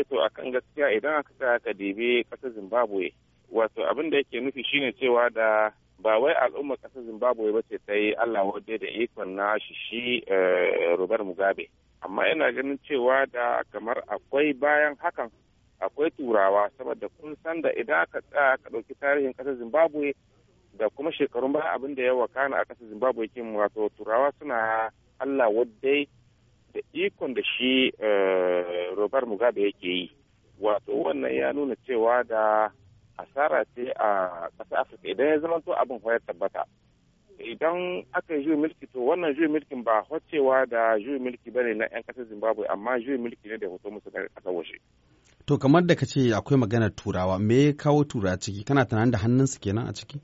sai eh to akan gaskiya idan aka tsaya ka dibi kasar zimbabwe wato abin da yake nufi shine cewa da ba wai al'ummar kasar zimbabwe ba ce ta yi allah wadda da ikon na shi shi eh, robert mugabe amma yana ganin cewa da kamar akwai bayan hakan akwai turawa saboda kun san da idan aka tsaya aka ɗauki tarihin ƙasar zimbabwe da kuma shekarun baya abin da ya wakana a ƙasar zimbabwe kin wato turawa suna allah waddai da ikon da shi eh, Robert Mugabe yake yi wato wannan ya nuna cewa da asara ce a ƙasar Afirka idan ya zama to abin ya tabbata idan aka yi mulki to wannan juyin mulkin ba hocewa da juyin mulki bane na 'yan ƙasar Zimbabwe amma juyin mulki ne da hoto musu ƙasar waje. To kamar da ka ce akwai maganar turawa me ya kawo turawa ciki kana tunanin da hannunsu kenan a ciki?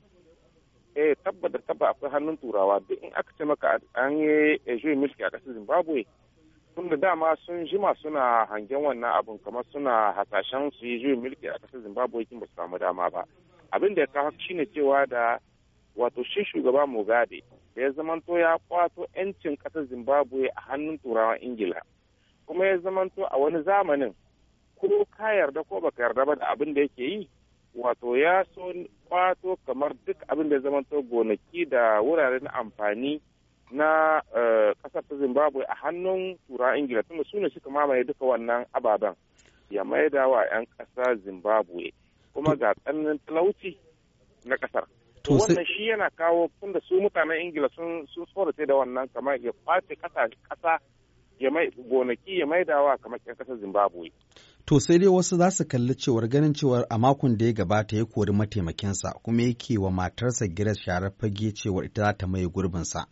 Eh tabbata tabba akwai hannun turawa duk in aka ce maka an yi juyin mulki a ƙasar Zimbabwe da dama sun jima suna hangen wannan abin kamar suna hasashen su yi juyin mulki a kasar zimbabwe kin ba su samu dama ba abin da ya kawo shine cewa da wato shi shugaba mugabe da ya zamanto ya kwato 'yancin kasar zimbabwe a hannun turawa ingila kuma ya zamanto a wani zamanin ko ka yarda ko baka yarda ba da abin da yake yi wato ya so kwato kamar duk abin da ya zamanto gonaki da wuraren amfani na eh, kasar ta zimbabwe a hannun tura ingila tunda su ne suka mamaye duka wannan ababen ya maida wa 'yan kasa zimbabwe kuma ga tsananin talauci na kasar. to wannan shi yana kawo tunda su mutanen ingila sun sun tsorace da wannan kamar ya kwace kasa-kasa ya mai gonaki ya maida wa kamar 'yan kasar zimbabwe to sai dai wasu za su kalli cewar ganin cewar a makon da ya gabata ya kori mataimakinsa kuma yake wa matarsa gidan sharar fage cewar ita za ta maye gurbinsa.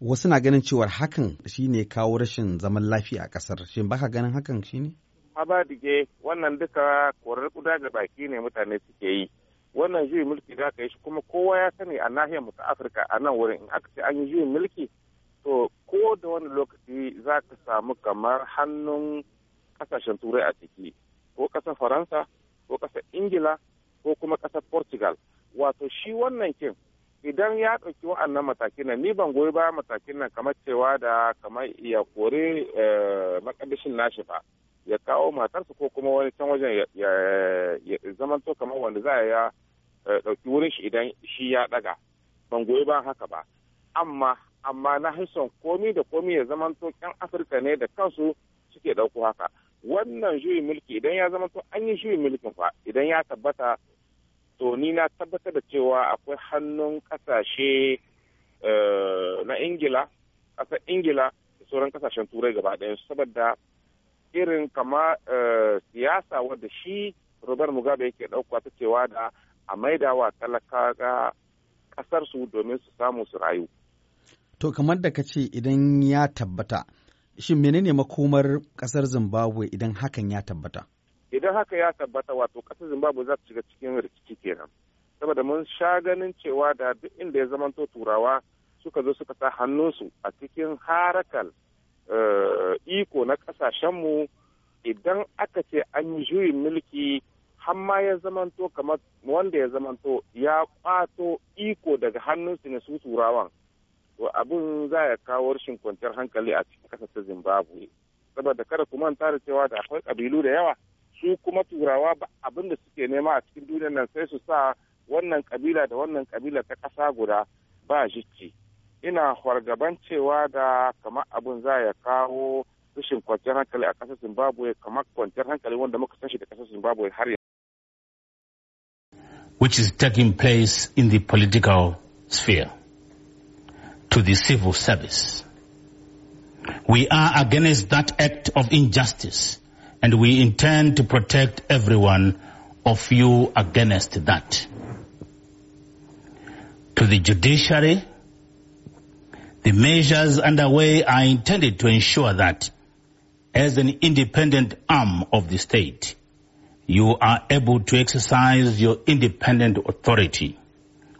wasu na ganin cewar hakan shine kawo rashin zaman lafiya a kasar shin baka ganin hakan shi ne. ba abadige wannan duka korar kuda da baki ne mutane suke yi wannan juyin mulki za ka yi shi kuma kowa ya sani a nahiyar mu ta afirka a nan wurin in aka ce an yi juyin mulki to ko da wani lokaci za ka samu kamar hannun kasashen turai a ciki ko kasar faransa ko kasar ingila ko kuma kasar portugal wato shi wannan kin idan ya ɗauki wa'annan matakin nan ni ban goyi ba matakin nan kamar cewa da kamar ya kore eh, makadashin nashi ba ya kawo matarsa ko kuma wani can wajen ya zamanto kamar wanda za ya eh, ɗauki wurin shi idan shi ya ɗaga ban goyi ba haka ba amma amma na hison komi da komi ya zamanto yan afirka ne da kansu suke ɗauko haka wannan juyin mulki idan ya zamanto an yi juyin mulkin fa idan ya tabbata to ni na tabbatar da cewa akwai hannun kasashe eh, na ingila ƙasar ingila da sauran kasashen turai gaba ɗaya saboda irin kama eh, siyasa wadda shi robert mugabe yake ɗauka ta cewa da a wa talaka ƙasar su domin su samu su rayu to kamar da ka ce idan ya tabbata shin menene makomar ƙasar zimbabwe idan hakan ya tabbata idan haka ya tabbata wato ƙasar zimbabwe za ta shiga cikin rikici kenan saboda mun sha ganin cewa da duk inda ya zamanto turawa suka zo suka sa hannunsu a cikin harakal eh, iko na ƙasashenmu idan aka ce an yi juyin mulki har ma ya zamanto kamar wanda ya zamanto ya kwato iko daga hannunsu ne su turawan to abin za ya kawo rashin kwanciyar hankali a cikin ƙasar ta zimbabwe saboda kada ku manta da cewa da akwai ƙabilu da yawa su kuma turawa abin da suke nema a cikin duniyar nan sai su sa wannan kabila da wannan kabila ta ƙasa guda ba ina cewa da kamar abin za ya kawo rashin kwanciyar hankali a ƙasar zimbabwe kamar kwanciyar hankali wanda muka san shi da ƙasar zimbabwe har which is taking place in the political sphere to the civil service. We are against that act of injustice and we intend to protect everyone of you against that. To the judiciary, the measures underway are intended to ensure that as an independent arm of the state, you are able to exercise your independent authority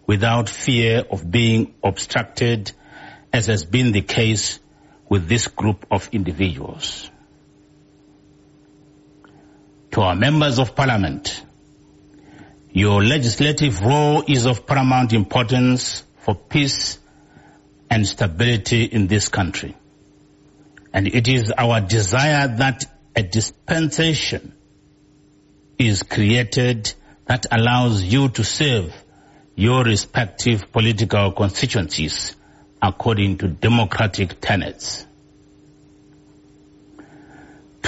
without fear of being obstructed as has been the case with this group of individuals to our members of parliament. Your legislative role is of paramount importance for peace and stability in this country. And it is our desire that a dispensation is created that allows you to serve your respective political constituencies according to democratic tenets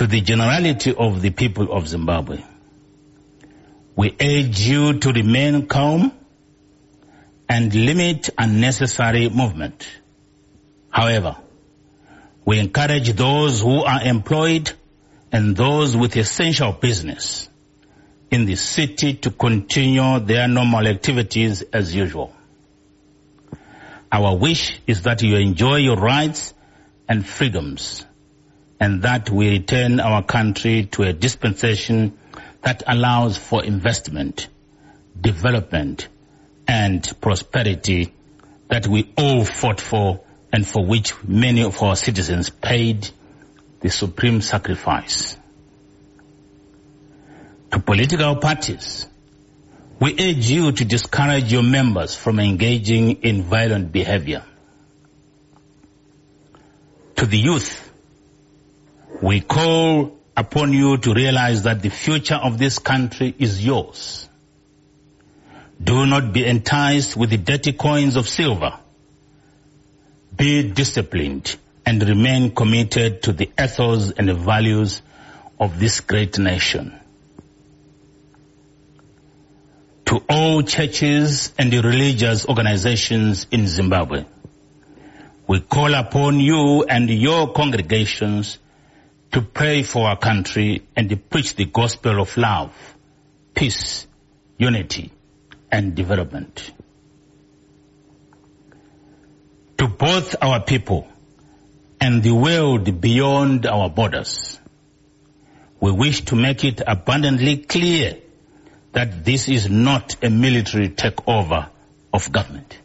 to the generality of the people of Zimbabwe. We urge you to remain calm and limit unnecessary movement. However, we encourage those who are employed and those with essential business in the city to continue their normal activities as usual. Our wish is that you enjoy your rights and freedoms and that we return our country to a dispensation that allows for investment, development, and prosperity that we all fought for and for which many of our citizens paid the supreme sacrifice. To political parties, we urge you to discourage your members from engaging in violent behavior. To the youth, we call upon you to realize that the future of this country is yours. Do not be enticed with the dirty coins of silver. Be disciplined and remain committed to the ethos and the values of this great nation. To all churches and the religious organizations in Zimbabwe, we call upon you and your congregations to pray for our country and preach the gospel of love, peace, unity, and development. To both our people and the world beyond our borders, we wish to make it abundantly clear that this is not a military takeover of government.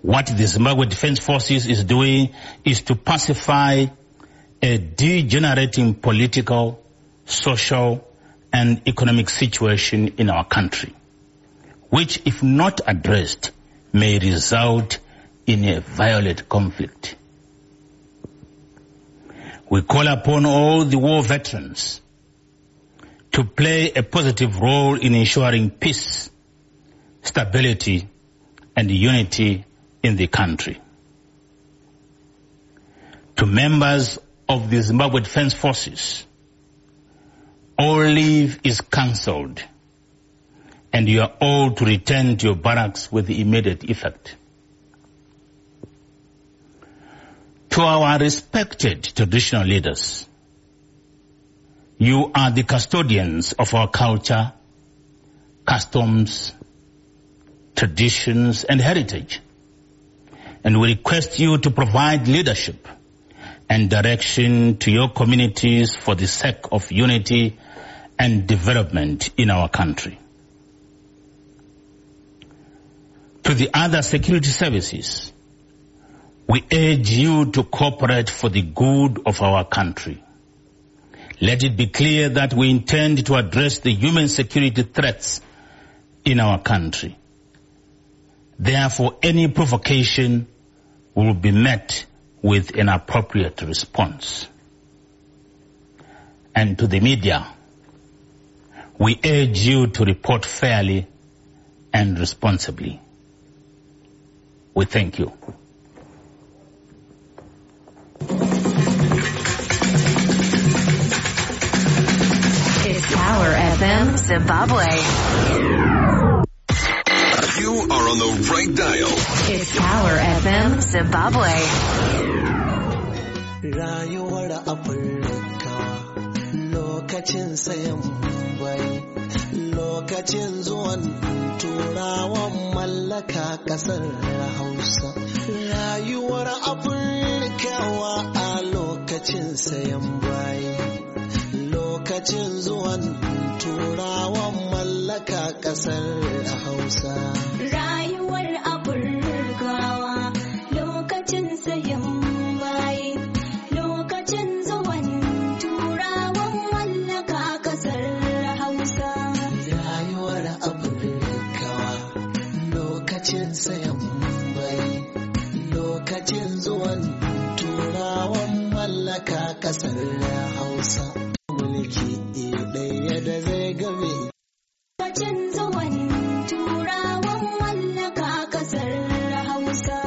What the Zimbabwe Defense Forces is doing is to pacify a degenerating political, social, and economic situation in our country, which, if not addressed, may result in a violent conflict. We call upon all the war veterans to play a positive role in ensuring peace, stability, and unity in the country. To members of the Zimbabwe Defense Forces, all leave is cancelled and you are all to return to your barracks with immediate effect. To our respected traditional leaders, you are the custodians of our culture, customs, traditions and heritage. And we request you to provide leadership and direction to your communities for the sake of unity and development in our country. To the other security services, we urge you to cooperate for the good of our country. Let it be clear that we intend to address the human security threats in our country. Therefore, any provocation will be met with an appropriate response. And to the media, we urge you to report fairly and responsibly. We thank you. It's Power FM Zimbabwe. You are on the right dial. It's Power FM Zimbabwe. lokacin sayan bai lokacin zuwan turawan mallaka kasar hausa rayuwar afirkawa a lokacin sayan bai lokacin zuwan turawan mallaka kasar hausa lokacin zuwan turawan mallaka kasar hausa mulki ɗaya da zai game lokacin zuwan turawan mallaka kasar hausa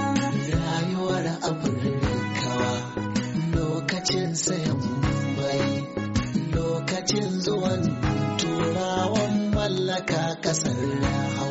rayuwar afirkawa lokacin sayan bai lokacin zuwan turawan mallaka kasar hausa